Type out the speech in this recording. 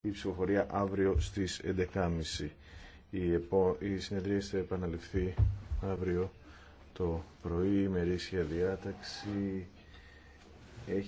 η ψηφοφορία αύριο στις 11.30. Η, επο... η συνεδρία θα επαναληφθεί αύριο το πρωί, η μερίσια διάταξη. Έχει